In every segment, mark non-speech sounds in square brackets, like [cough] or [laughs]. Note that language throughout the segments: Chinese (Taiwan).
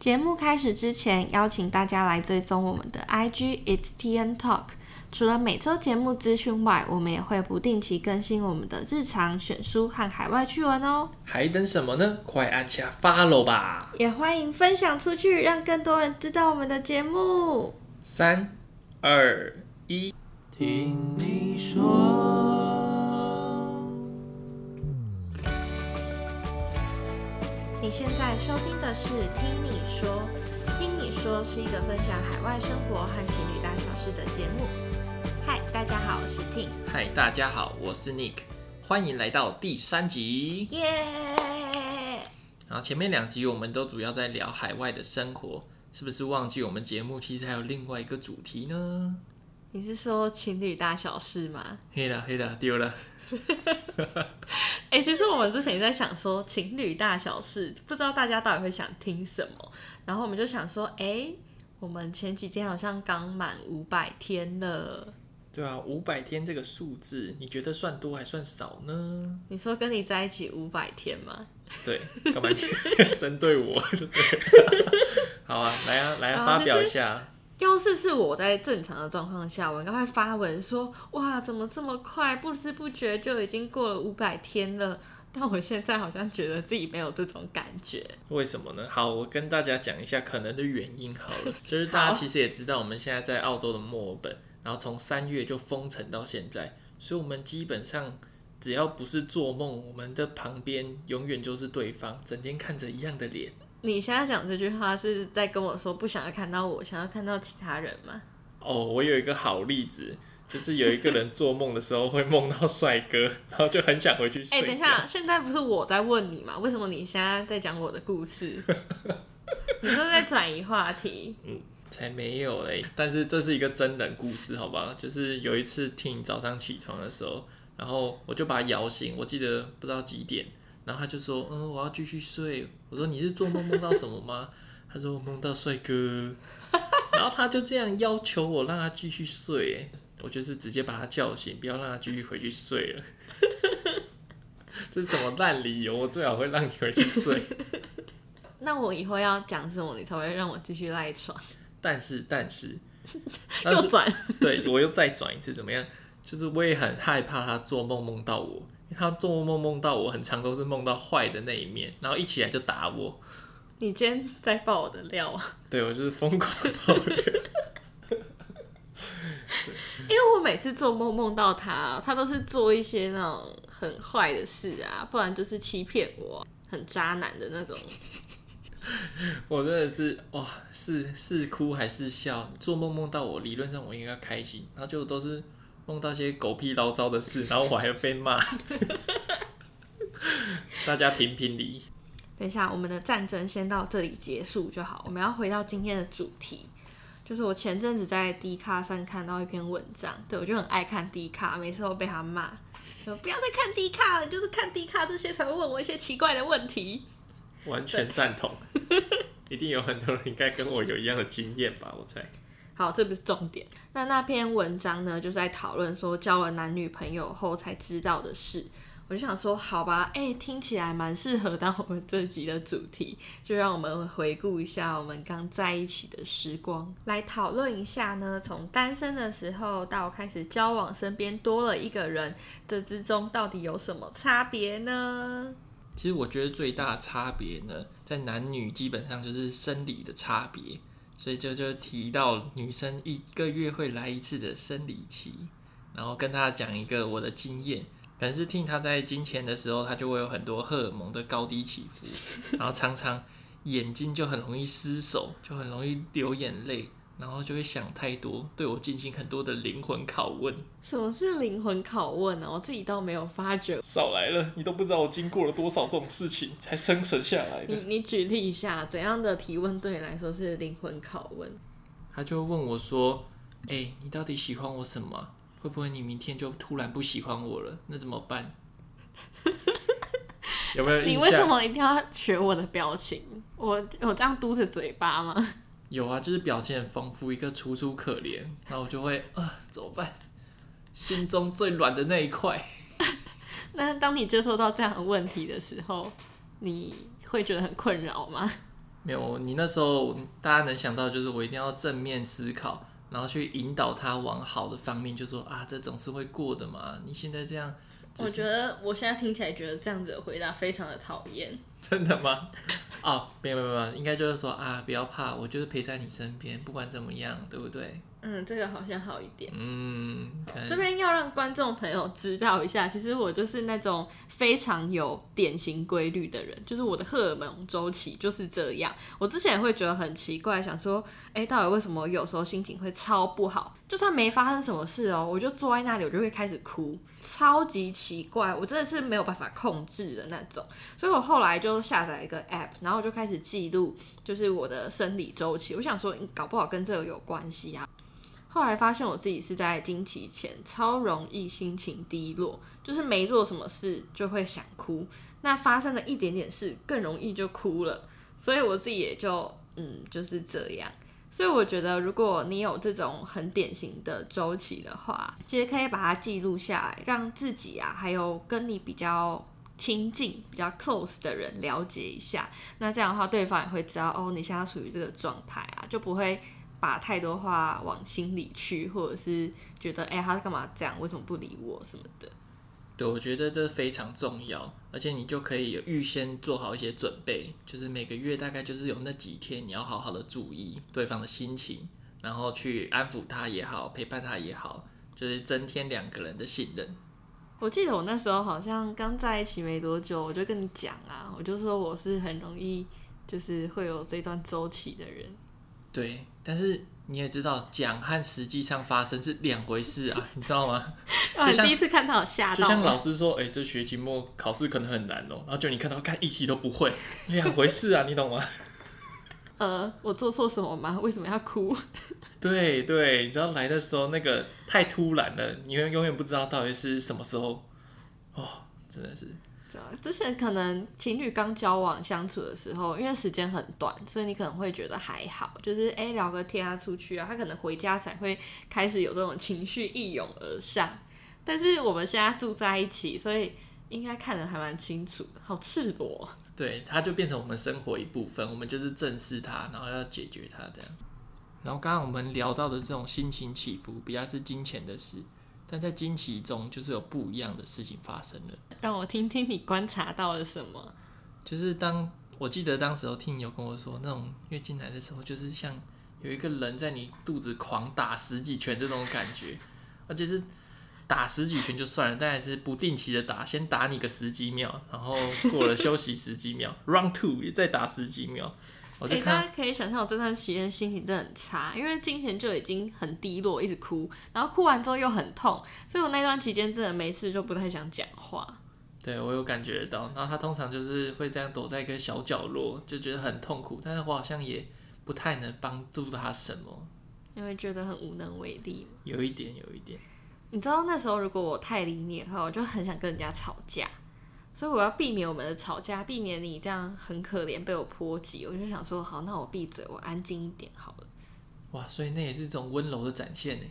節目開始之前，邀請大家來追蹤我們的 IG，It's TN Talk。除了每周節目資訊外，我們也會不定期更新我們的日常選書和海外趣聞哦。還等什麼呢？快按下 Follow 吧！也歡迎分享出去，讓更多人知道我們的節目。三、二、一。聽你說你現在收聽的是聽《聽你說》，《聽你說》是一個分享海外生活和情侶大小事的節目。嗨，大家好，我是聽。嗨，大家好，我是 Nick，歡迎來到第三集。耶！好，前面兩集我們都主要在聊海外的生活，是不是忘記我們節目其實還有另外一個主題呢？你是說情侶大小事嗎？嘿啦嘿啦丟了。哎、 [laughs] 欸，其實我們之前也在想說情侶大小事，不知道大家到底會想聽什麼？然後我們就想說，哎、欸，我們前幾天好像剛滿五百天了。對啊，五百天這個數字，你覺得算多還算少呢？你說跟你在一起五百天嗎？對，幹嘛去針 [laughs] [laughs] 對我？對， [laughs] 好啊，來啊，來啊、就是、發表一下。要是，是我在正常的狀況下，我應該會發文說，哇，怎麼這麼快，不知不覺就已經過了五百天了。但我現在好像覺得自己沒有這種感覺，為什麼呢？好，我跟大家講一下可能的原因好了，就是大家其實也知道，我們現在在澳洲的墨爾本， [laughs] 好然後從三月就封城到現在，所以我們基本上只要不是做夢，我們的旁邊永遠就是對方，整天看着一樣的臉。你現在講這句話是在跟我說不想要看到我，想要看到其他人嗎？哦，oh, 我有一個好例子，就是有一個人做夢的時候會夢到帥哥， [laughs] 然後就很想回去睡。哎、欸，等一下，現在不是我在問你嗎？為什麼你現在在講我的故事？ [laughs] 你是不是在轉移話題？ [laughs] 嗯，才沒有嘞！但是這是一個真人故事，好吧？就是有一次聽你早上起床的時候，然後我就把他搖醒，我記得不知道幾點。然後他就說，嗯，我要繼續睡。我說，你是做夢夢到什麼嗎？他說我夢到帥哥。然後他就這樣要求我，讓他繼續睡。我就是直接把他叫醒，不要讓他繼續回去睡了。 [laughs] 這是什麼爛理由？我最好會讓你回去睡。 [laughs] 那我以後要講什麼，你才會讓我繼續賴床？但但是但是又轉， [laughs] 但是，對，我又再轉一次，怎麼樣？就是我也很害怕他做夢夢到我。他做夢夢到我，很常都是夢到壞的那一面，然後一起來就打我。你今天在爆我的料啊？對，我就是瘋狂的抱怨。 [laughs] [laughs] 是因為我每次做夢夢到他，他都是做一些那種很壞的事啊，不然就是欺騙我，很渣男的那種。 [laughs] 我真的是哇，是是哭還是笑？做夢夢到我，理論上我應該開心，然後就都是碰到些狗屁倒灶的事，然後我還要被罵， [laughs] [laughs] 大家評評理。等一下，我們的戰爭先到這裡結束就好。我們要回到今天的主題，就是我前陣子在 D 卡上看到一篇文章，對，我就很愛看 D 卡，每次都被他罵，說不要再看 D 卡了，就是看 D 卡這些才會問我一些奇怪的問題。完全贊同，對 [laughs] 一定有很多人應該跟我有一樣的經驗吧，我猜。好，這不是重點。那那篇文章呢，就在討論說交了男女朋友後才知道的事。我就想說，好吧，誒，聽起來蠻適合當我們這集的主題。就讓我們回顧一下我們剛在一起的時光，來討論一下呢，從單身的時候到開始交往，身邊多了一個人，這之中到底有什麼差別呢？其實我覺得最大的差別呢，在男女基本上就是生理的差別。所以就就提到女生一個月會來一次的生理期，然後跟大家講一個我的經驗。凡是聽她在經前的時候，她就會有很多荷爾蒙的高低起伏，然後常常眼睛就很容易失守，就很容易流眼淚。然後就會想太多，對我進行很多的靈魂拷問。什麼是靈魂拷問呢？我自己倒沒有發覺。少來了，你都不知道我經過了多少這種事情才生存下來。你你舉例一下，怎樣的提問對你來說是靈魂拷問？他就會問我說：“哎，你到底喜歡我什麼？會不會你明天就突然不喜歡我了？那怎麼辦？” [laughs] 有沒有？你為什麼一定要學我的表情？我我這樣嘟着嘴巴嗎？有啊，就是表情很豐富，一個楚楚可憐，然後我就會啊、呃，怎麼辦？心中最軟的那一塊。 [laughs] 那當你接受到這樣的問題的時候，你會覺得很困擾嗎？沒有，你那時候大家能想到就是我一定要正面思考，然後去引導他往好的方面，就說啊，這總是會過的嘛。你現在這樣，我覺得我現在聽起來覺得這樣子的回答非常的討厭。真的嗎？ [laughs] 哦，沒有沒有沒有，應該就是說啊，不要怕，我就是陪在你身邊，不管怎麼樣，對不對？嗯，這個好像好一點。嗯，好 Okay. 這邊要讓觀眾朋友知道一下，其實我就是那種非常有典型規律的人，就是我的荷爾蒙週期就是這樣。我之前會覺得很奇怪，想說，哎、欸，到底為什麼有時候心情會超不好？就算沒發生什麼事哦、喔，我就坐在那裡，我就會開始哭，超級奇怪，我真的是沒有辦法控制的那種。所以我後來就下載一個 App，然後我就開始記錄，就是我的生理週期。我想說，搞不好跟這個有關係啊。後來發現我自己是在經期前超容易心情低落，就是沒做什麼事就會想哭，那發生了一點點事更容易就哭了，所以我自己也就嗯，就是這樣。所以我覺得如果你有這種很典型的週期的話，其實可以把它記錄下來，讓自己啊，還有跟你比較親近、比較 close 的人了解一下，那這樣的話對方也會知道哦，你現在處於這個狀態啊，就不會。把太多話往心裡去，或者是覺得哎，他幹嘛這樣？為什麼不理我什麼的？對，我覺得這非常重要，而且你就可以預先做好一些準備，就是每個月大概就是有那幾天，你要好好的注意對方的心情，然後去安撫他也好，陪伴他也好，就是增添兩個人的信任。我記得我那時候好像剛在一起沒多久，我就跟你講啊，我就說我是很容易就是會有這段週期的人。對。但是你也知道，講和實際上發生是兩回事啊，你知道嗎？我第一次看到嚇到，就像老師說：“哎，這學期末考試可能很難哦。”然後就你看到看一題都不會，欸， [laughs] 兩回事啊，你懂嗎？呃，我做錯什麼嗎？為什麼要哭？對對，你知道來的時候那個太突然了，你永永遠不知道到底是什麼時候，哦，真的是。之前可能情侶剛交往相處的時候，因為時間很短，所以你可能會覺得還好，就是哎、欸、聊個天啊，出去啊，他可能回家才會開始有這種情緒一湧而上。但是我們現在住在一起，所以應該看得還蠻清楚的，好赤裸。對，他就變成我們生活一部分，我們就是正視他，然後要解決他這樣。然後剛剛我們聊到的這種心情起伏，比較是金錢的事。但在經期中，就是有不一樣的事情發生了。讓我聽聽你觀察到了什麼？就是當我記得當時候聽你有跟我說，那種月經來的時候，就是像有一個人在你肚子狂打十幾拳這種感覺，而且是打十幾拳就算了，但還是不定期的打，先打你個十幾秒，然後過了休息十幾秒，round two 也再打十幾秒。得、欸、大家可以想象，我這段期間心情真的很差，因為經前就已經很低落，一直哭，然後哭完之後又很痛，所以我那段期間真的沒事就不太想講話。對我有感覺到，然後他通常就是會這樣躲在一個小角落，就覺得很痛苦，但是我好像也不太能幫助他什麼，因為覺得很無能為力。有一，有一點，有一點。你知道那時候如果我太理你的話，我就很想跟人家吵架。所以我要避免我們的吵架，避免你這樣很可憐被我波及，我就想說好，那我閉嘴，我安靜一點好了。哇，所以那也是這種溫柔的展現呢。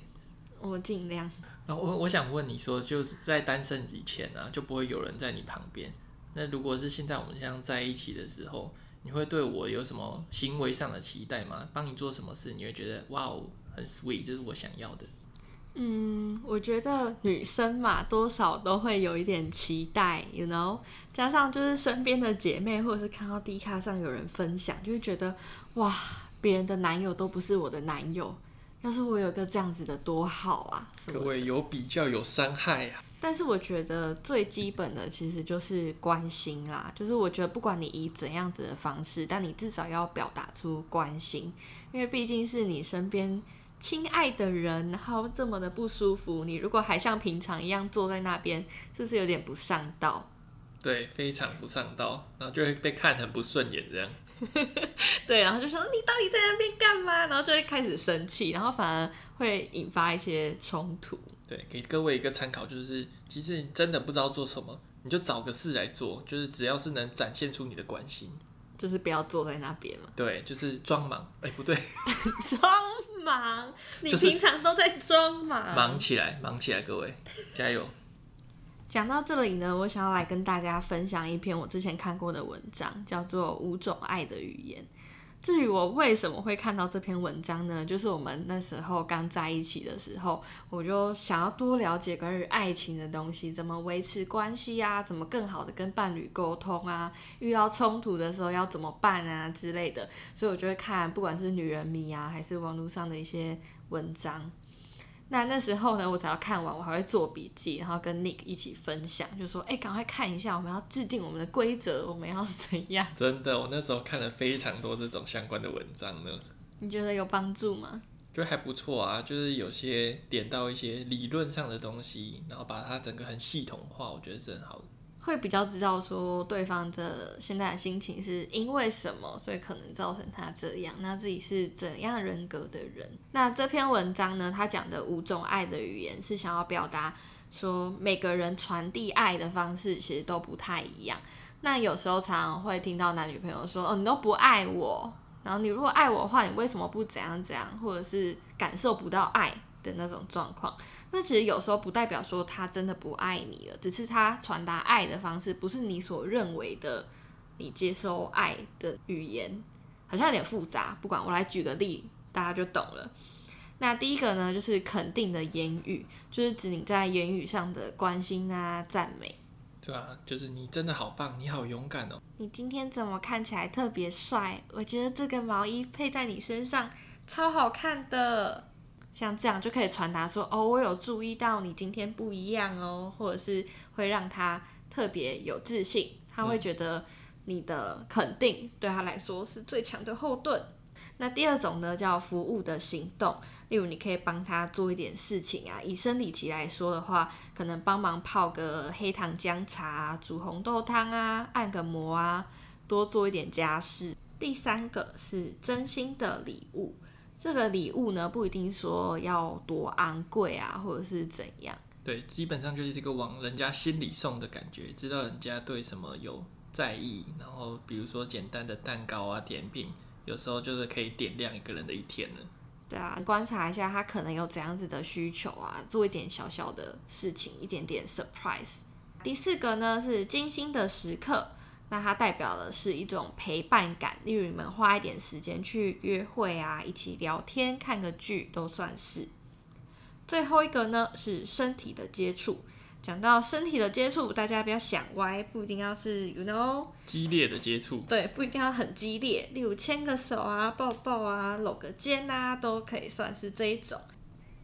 我盡量。我我想問你說，就是在單身以前啊，就不會有人在你旁邊。那如果是現在我們這樣在一起的時候，你會對我有什麼行為上的期待嗎？幫你做什麼事，你會覺得哇，很 sweet，這是我想要的。嗯，我覺得女生嘛，多少都會有一點期待，You know，加上就是身邊的姐妹，或者是看到 D 卡上有人分享，就會覺得哇，別人的男友都不是我的男友，要是我有個這樣子的多好啊！各位有比較有傷害啊，但是我覺得最基本的其實就是關心啦，就是我覺得不管你以怎樣子的方式，但你至少要表達出關心，因為畢竟是你身邊。親愛的人，然後這麼的不舒服，你如果還像平常一樣坐在那邊，是不是有點不上道？對，非常不上道，然後就會被看很不順眼這樣。 [laughs] 對，然後就說你到底在那邊幹嘛？然後就會開始生氣，然後反而會引發一些衝突。對，給各位一個參考，就是其實你真的不知道做什麼，你就找個事來做，就是只要是能展現出你的關心，就是不要坐在那邊嘛。對，就是裝忙，哎，不對， [laughs] 裝。忙，你平常都在裝忙。忙起來，忙起來，各位，加油！講 [laughs] 到這裡呢，我想要來跟大家分享一篇我之前看過的文章，叫做《五種愛的語言》。至於我為什麼會看到這篇文章呢？就是我們那時候剛在一起的時候，我就想要多了解關於愛情的東西，怎麼維持關係呀，怎麼更好的跟伴侶溝通啊，遇到衝突的時候要怎麼辦啊之類的，所以我就會看，不管是女人迷啊，還是網絡上的一些文章。那那時候呢，我只要看完，我還會做筆記，然後跟 Nick 一起分享，就說：“哎、欸，趕快看一下，我們要制定我們的規則，我們要怎樣？”真的，我那時候看了非常多這種相關的文章呢。你覺得有幫助嗎？覺得還不錯啊，就是有些點到一些理論上的東西，然後把它整個很系統化，我覺得是很好的。會比較知道說對方的現在的心情是因為什麼，所以可能造成他這樣。那自己是怎樣人格的人？那這篇文章呢？他講的五種愛的語言是想要表達說，每個人傳遞愛的方式其實都不太一樣。那有時候常常會聽到男女朋友說：“哦，你都不愛我，然後你如果愛我的話，你為什麼不怎樣怎樣？”或者是感受不到愛的那種狀況。那其實有時候不代表說他真的不愛你了，只是他傳達愛的方式不是你所認為的，你接收愛的語言好像有點複雜。不管，我來舉個例，大家就懂了。那第一個呢，就是肯定的言語，就是指你在言語上的關心啊、讚美。對啊，就是你真的好棒，你好勇敢哦。你今天怎麼看起來特別帥？我覺得這個毛衣配在你身上超好看的。像這樣就可以傳達說，哦，我有注意到你今天不一樣哦，或者是會讓他特別有自信，他會覺得你的肯定對他來說是最強的後盾。嗯。那第二種呢，叫服務的行動，例如你可以幫他做一點事情啊，以生理期來說的話，可能幫忙泡個黑糖薑茶、啊、煮紅豆湯啊、按個摩啊，多做一點家事。第三個是真心的禮物。這個禮物呢，不一定說要多昂貴啊，或者是怎樣。對，基本上就是這個往人家心裡送的感覺，知道人家對什麼有在意，然後比如說簡單的蛋糕啊、甜品，有時候就是可以點亮一個人的一天呢。對啊，觀察一下他可能有怎樣子的需求啊，做一點小小的事情，一點點 surprise。第四個呢，是精心的時刻。那它代表的是一種陪伴感，例如你們花一點時間去約會啊，一起聊天、看個劇都算是。最後一個呢，是身體的接觸，講到身體的接觸，大家不要想歪，不一定要是 you know 激烈的接觸，對，不一定要很激烈，例如牽個手啊、抱抱啊、摟個肩啊，都可以算是這一種。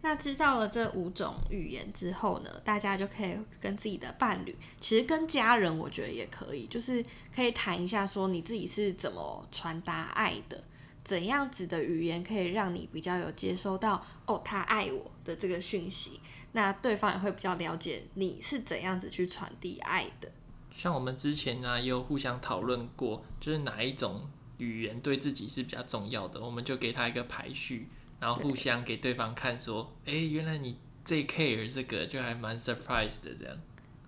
那知道了這五種語言之後呢，大家就可以跟自己的伴侶，其實跟家人，我覺得也可以，就是可以談一下，說你自己是怎麼傳達愛的，怎樣子的語言可以讓你比較有接收到哦，他愛我的這個訊息，那對方也會比較了解你是怎樣子去傳遞愛的。像我們之前呢啊，也有互相討論過，就是哪一種語言對自己是比較重要的，我們就給他一個排序。然後互相給對方看，說：“哎對，原來你最 care，這個，就還蠻 surprise 的”這樣。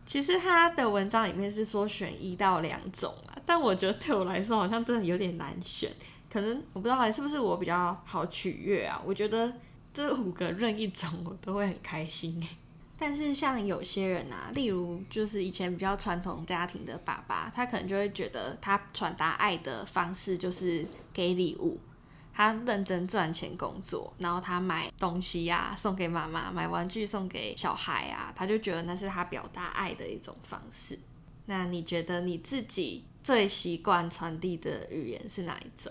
其實他的文章裡面是說選一到兩種啊，但我覺得對我來說好像真的有點難選。可能我不知道還是不是我比較好取悅啊？我覺得這五個任一種我都會很開心。但是像有些人啊，例如就是以前比較傳統家庭的爸爸，他可能就會覺得他傳達愛的方式就是給禮物。他認真賺錢工作，然後他買東西呀、啊，送給媽媽，買玩具送給小孩啊，他就覺得那是他表達愛的一種方式。那你覺得你自己最習慣傳遞的語言是哪一種？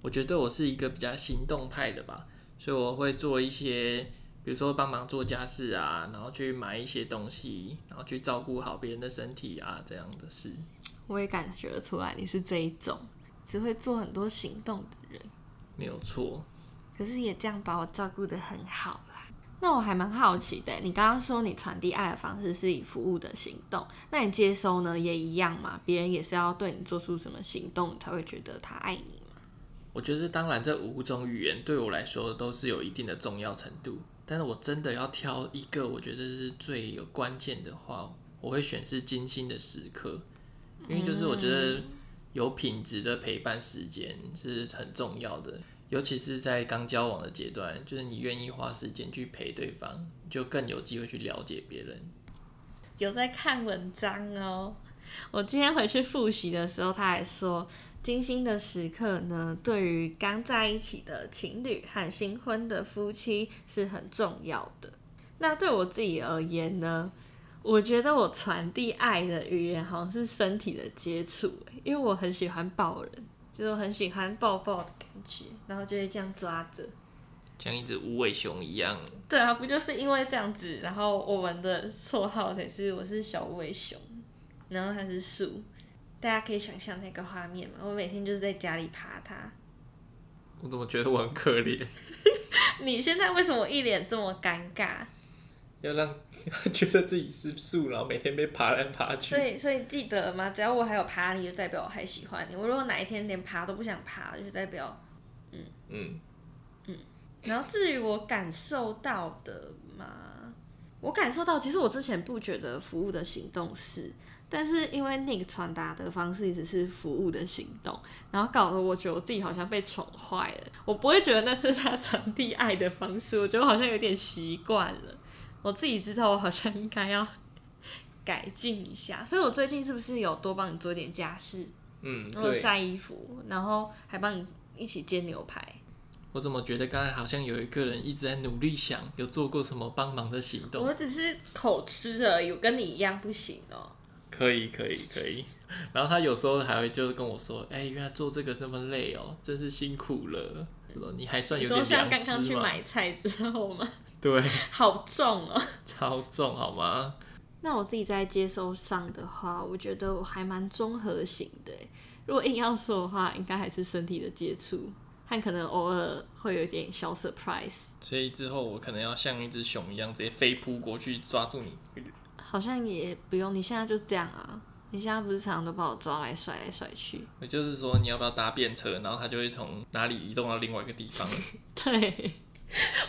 我覺得我是一個比較行動派的吧，所以我會做一些，比如說幫忙做家事啊，然後去買一些東西，然後去照顧好別人的身體啊這樣的事。我也感覺得出來你是這一種，只會做很多行動的人。沒有錯，可是也這樣把我照顧得很好啦。那我還蠻好奇的，你剛剛說你傳遞愛的方式是以服務的行動，那你接收呢？也一樣嘛，別人也是要對你做出什麼行動才會覺得他愛你嘛？我覺得當然，這五種語言對我來說都是有一定的重要程度，但是我真的要挑一個我覺得是最有關鍵的話，我會選是精心的時刻，因為就是我覺得。有品質的陪伴時間是很重要的，尤其是在剛交往的階段，就是你願意花時間去陪對方，就更有機會去了解別人。有在看文章哦，我今天回去複習的時候，他還說，精心的時刻呢，對於剛在一起的情侶和新婚的夫妻是很重要的。那對我自己而言呢？我覺得我傳遞愛的語言好像是身體的接觸欸，因為我很喜歡抱人，就是我很喜歡抱抱的感覺，然後就會這樣抓着，像一隻無尾熊一樣。對啊，不就是因為這樣子，然後我們的綽號才是我是小無尾熊，然後他是樹，大家可以想象那個畫面嘛。我每天就是在家裡爬他，我怎麼覺得我很可憐？ [laughs] 你現在為什麼一臉這麼尷尬？要讓覺得自己是樹，然後每天被爬來爬去。所以，所以記得嗎？只要我還有爬，你就代表我還喜歡你。我如果哪一天連爬都不想爬，就代表，嗯嗯嗯。然後至於我感受到的嘛， [laughs] 我感受到，其實我之前不覺得服務的行動是，但是因為 Nick 傳達的方式一直是服務的行動，然後搞得我覺得我自己好像被寵壞了。我不會覺得那是他傳遞愛的方式，我覺得我好像有點習慣了。我自己知道，我好像應該要 [laughs] 改進一下，所以我最近是不是有多幫你做一點家事？嗯，或者曬衣服，然後還幫你一起煎牛排。我怎麼覺得剛才好像有一個人一直在努力想有做過什麼幫忙的行動？我只是口吃而已，我跟你一樣不行哦、喔。可以可以可以， [laughs] 然後他有時候還會就是跟我說：“哎、欸，原來做這個這麼累哦、喔，真是辛苦了。”什麼？你還算有點想吃嗎？剛剛去買菜之後嗎？對，好重啊，超重好嗎？那我自己在接受上的話，我覺得我還蠻綜合型的。如果硬要說的話，應該還是身體的接觸，和可能偶爾會有一點小 surprise。所以之後我可能要像一隻熊一樣，直接飛撲過去抓住你。好像也不用，你現在就這樣啊。你現在不是常常都把我抓來甩來甩去？也就是說，你要不要搭便車？然後他就會從哪裡移動到另外一個地方。 [laughs] 對。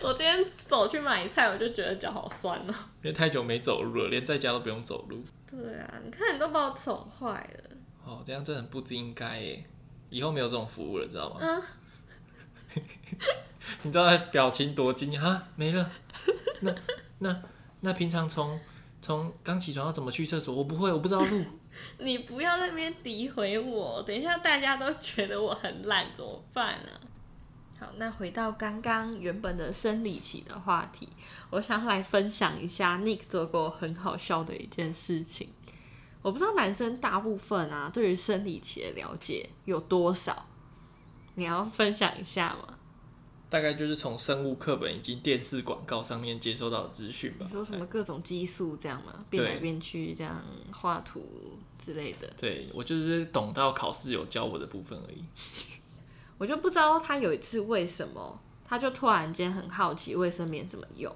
我今天走去買菜，我就覺得腳好酸哦、喔，因為太久沒走路了，連在家都不用走路。對啊，你看你都把我寵壞了。哦，這樣真的很不知應該耶。以後沒有這種服務了，知道嗎？啊、 [laughs] 你知道他表情多驚訝、啊？沒了。那那，那平常從從剛起床要怎麼去廁所？我不會，我不知道路。 [laughs] 你不要在那邊詆毀我，等一下大家都覺得我很懶，怎麼辦啊？好，那回到剛剛原本的生理期的話題，我想要來分享一下 Nick 做過很好笑的一件事情。我不知道男生大部分啊，對於生理期的了解有多少？你要分享一下嗎？大概就是從生物課本以及電視廣告上面接收到的資訊吧。你說什麼各種激素這樣嗎？變對來變去這樣畫圖之類的。對，我就是懂到考試有教我的部分而已。我就不知道他有一次為什麼，他就突然間很好奇衛生棉怎麼用，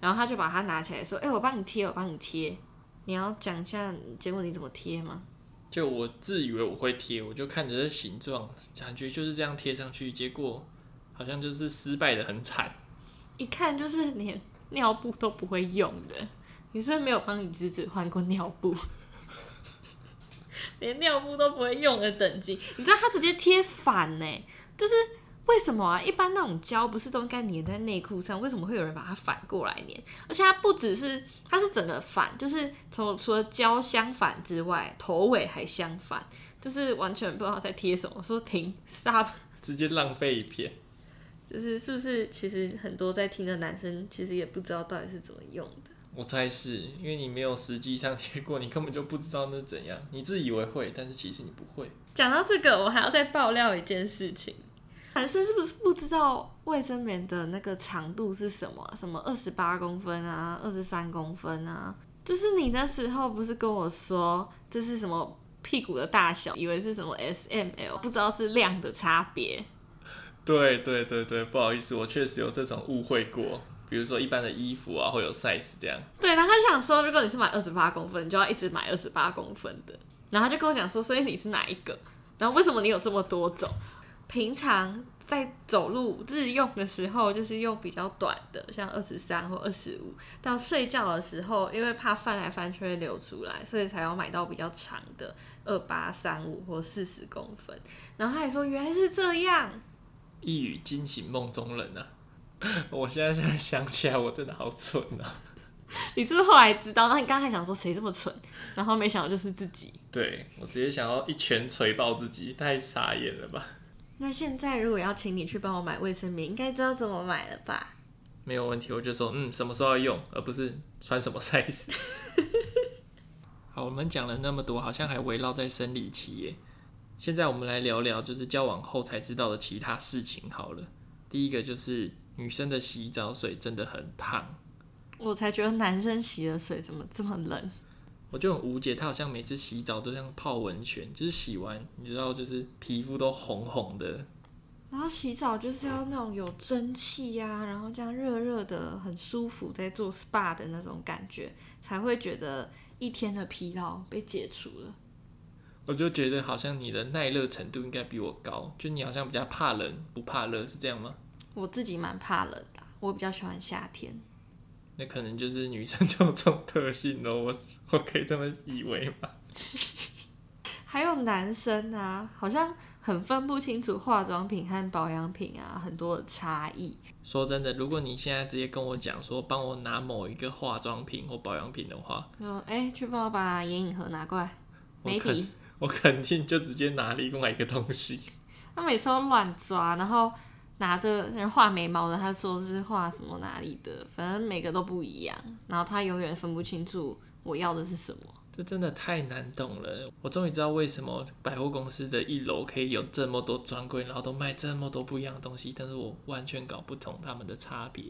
然後他就把它拿起來說：“哎、欸，我幫你貼，我幫你貼，你要講一下結果你怎麼貼嗎？”就我自以為我會貼，我就看着這形狀，感覺就是這樣貼上去，結果好像就是失敗得很慘。一看就是連尿布都不會用的，你是不是沒有幫你侄子換過尿布？連尿布都不會用的等級，你知道他直接貼反呢、欸？就是為什麼啊？一般那種膠不是都應該粘在內褲上？為什麼會有人把它反過來粘？而且它不只是，它是整個反，就是從除了膠相反之外，頭尾還相反，就是完全不知道他在貼什麼。說停，stop，直接浪費一片。就是是不是？其實很多在聽的男生其實也不知道到底是怎麼用的。我猜是因為你沒有實際上貼過，你根本就不知道那怎樣。你自以為會，但是其實你不會。講到這個，我還要再爆料一件事情。男生是不是不知道衛生棉的那個長度是什麼？什麼二十八公分啊，二十三公分啊？就是你那時候不是跟我說這是什麼屁股的大小，以為是什麼 SML，不知道是量的差別。對對對對，不好意思，我確實有這種誤會過。比如說一般的衣服啊，會有 size 這樣。對，然後他就想說，如果你是買二十八公分，你就要一直買二十八公分的。然後他就跟我講說，所以你是哪一個？然後為什麼你有這麼多種？平常在走路日用的時候，就是用比較短的，像二十三或二十五；到睡覺的時候，因為怕翻來翻去會流出來，所以才要買到比較長的二八三五或四十公分。然後他也說，原來是這樣，一語驚醒夢中人呢、啊。我現在才想起來，我真的好蠢啊！你是不是後來知道？那你剛才想說誰這麼蠢，然後沒想到就是自己。對我直接想要一拳錘爆自己，太傻眼了吧！那現在如果要請你去幫我買衛生棉，應該知道怎麼買了吧？沒有問題，我就說嗯，什麼時候要用，而不是穿什麼 size。 [laughs] 好，我們講了那麼多，好像還圍繞在生理期耶。現在我們來聊聊，就是交往後才知道的其他事情。好了，第一個就是。女生的洗澡水真的很燙，我才覺得男生洗的水怎麼這麼冷， [laughs] 我就很無解。他好像每次洗澡都像泡溫泉，就是洗完你知道就是皮膚都紅紅的。然後洗澡就是要那種有蒸汽呀，啊，嗯，然後這樣熱熱的很舒服，在做 SPA 的那種感覺，才會覺得一天的疲勞被解除了。我就覺得好像你的耐熱程度應該比我高，就你好像比較怕冷不怕熱，是這樣嗎？我自己蠻怕冷的，我比較喜歡夏天。那可能就是女生就有這種特性咯，我我可以這麼以為嗎？ [laughs] 還有男生啊，好像很分不清楚化妝品和保養品啊，很多的差異。說真的，如果你現在直接跟我講說，幫我拿某一個化妝品或保養品的話，哦、呃，哎、欸，去幫我把眼影盒拿過來。眉筆，我肯定就直接拿另外一個東西。他每次都亂抓，然後。拿着畫眉毛的，他說的是畫什麼哪裡的，反正每個都不一樣，然後他永遠分不清楚我要的是什麼，這真的太難懂了。我終於知道為什麼百貨公司的一樓可以有這麼多專櫃，然後都賣這麼多不一樣的東西，但是我完全搞不懂他們的差別。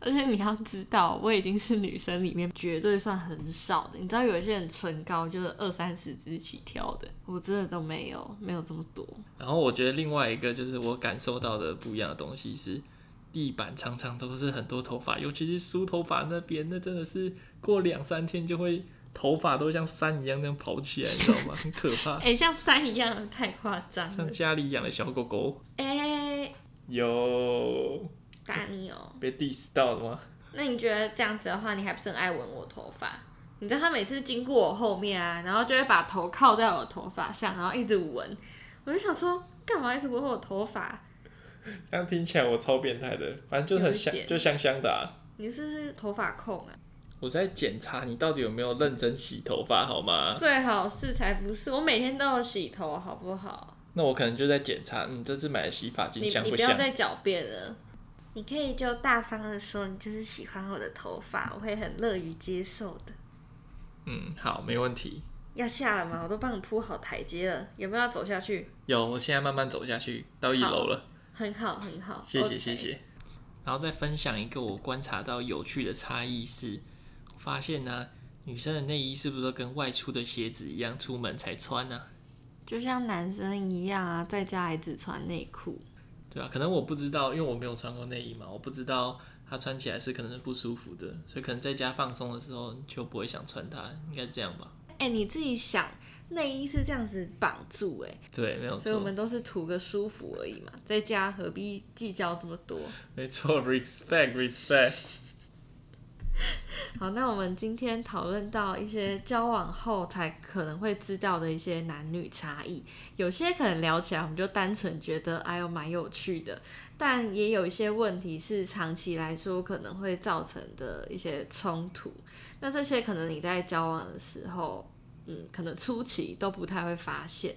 而且你要知道，我已經是女生裡面絕對算很少的。你知道，有一些人唇膏就是二三十支起跳的，我真的都沒有，沒有這麼多。然後我覺得另外一個就是我感受到的不一樣的東西是，地板常常都是很多頭髮，尤其是梳頭髮那邊，那真的是過兩三天就會頭髮都像山一樣這樣跑起來，你知道嗎？很可怕。誒、 [laughs] 欸，像山一樣，太誇張。像家裡養的小狗狗。哎、欸，有。打你哦、喔！被 diss 到了嗎？那你覺得這樣子的話，你還不是很愛聞我頭髮？你知道他每次經過我後面啊，然後就會把頭靠在我的頭髮上，然後一直聞。我就想說，幹嘛一直聞我的頭髮？這樣聽起來我超變態的，反正就很香，就香香的啊。你是不是頭髮控啊？我在檢查你到底有沒有認真洗頭髮，好嗎？最好是，才不是，我每天都有洗頭，好不好？那我可能就在檢查、嗯、這像像你這次買的洗髮精香不香？你不要再狡辯了。你可以就大方的說，你就是喜歡我的頭髮，我會很樂於接受的。嗯，好，沒問題。要下了嗎？我都幫你鋪好台階了，有沒有要走下去？有，我現在慢慢走下去，到一樓了。很好，很好，很好， [laughs] 謝謝，謝謝 Okay。然後再分享一個我觀察到有趣的差異是，我發現呢、啊，女生的內衣是不是都跟外出的鞋子一樣，出門才穿呢、啊？就像男生一樣啊，在家也只穿內褲。對啊，可能我不知道，因為我沒有穿過內衣嘛，我不知道它穿起來是可能是不舒服的，所以可能在家放鬆的時候就不會想穿它，應該這樣吧？哎、欸，你自己想，內衣是這樣子綁住，誒，對，沒有錯，所以我們都是圖個舒服而已嘛，在家何必計較這麼多？沒錯，respect，respect。Respect, Respect 好，那我們今天討論到一些交往後才可能會知道的一些男女差異，有些可能聊起來我們就單純覺得哎呦蠻有趣的，但也有一些問題是長期來說可能會造成的一些衝突。那這些可能你在交往的時候，嗯，可能初期都不太會發現，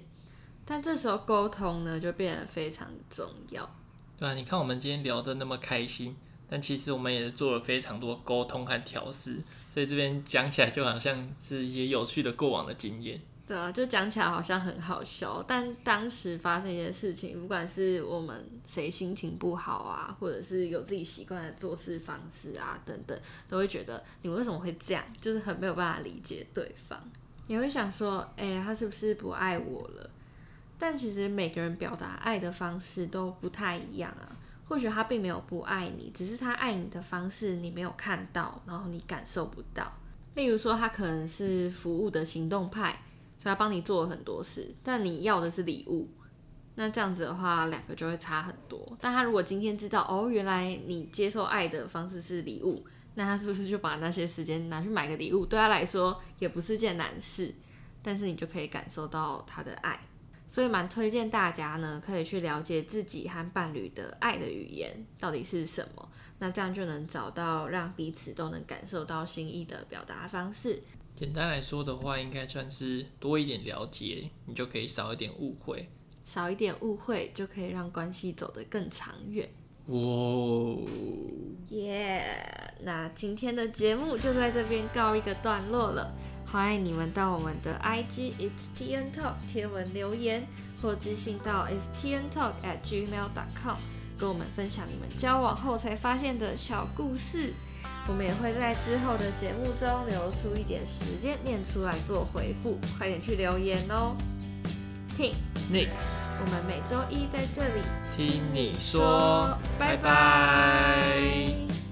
但這時候溝通呢就變得非常重要。對啊，你看我們今天聊得那麼開心。但其實我們也做了非常多溝通和調適，所以這邊講起來就好像是一些有趣的過往的經驗。對啊，就講起來好像很好笑，但當時發生一些事情，不管是我們誰心情不好啊，或者是有自己習慣的做事方式啊等等，都會覺得你為什麼會這樣，就是很沒有辦法理解對方。你會想說，哎、欸，他是不是不愛我了？但其實每個人表達愛的方式都不太一樣啊。或許他並沒有不愛你，只是他愛你的方式你沒有看到，然後你感受不到。例如說，他可能是服務的行動派，所以他幫你做了很多事，但你要的是禮物。那這樣子的話，兩個就會差很多。但他如果今天知道，哦，原來你接受愛的方式是禮物，那他是不是就把那些時間拿去買個禮物？對他來說也不是件難事，但是你就可以感受到他的愛。所以蠻推薦大家呢，可以去了解自己和伴侶的愛的語言到底是什麼，那這樣就能找到讓彼此都能感受到心意的表達方式。簡單來說的話，應該算是多一點了解，你就可以少一點誤會，少一點誤會就可以讓關係走得更長遠。哇 Whoa，耶！Yeah, 那今天的節目就在這邊告一個段落了。歡迎你們到我們的 IG It's TN Talk 貼文留言，或私信到 It's TN Talk at Gmail dot com，跟我們分享你們交往後才發現的小故事。我們也會在之後的節目中留出一點時間念出來做回復。快點去留言哦！Ting Nick，我們每周一在這裡聽你說，拜拜。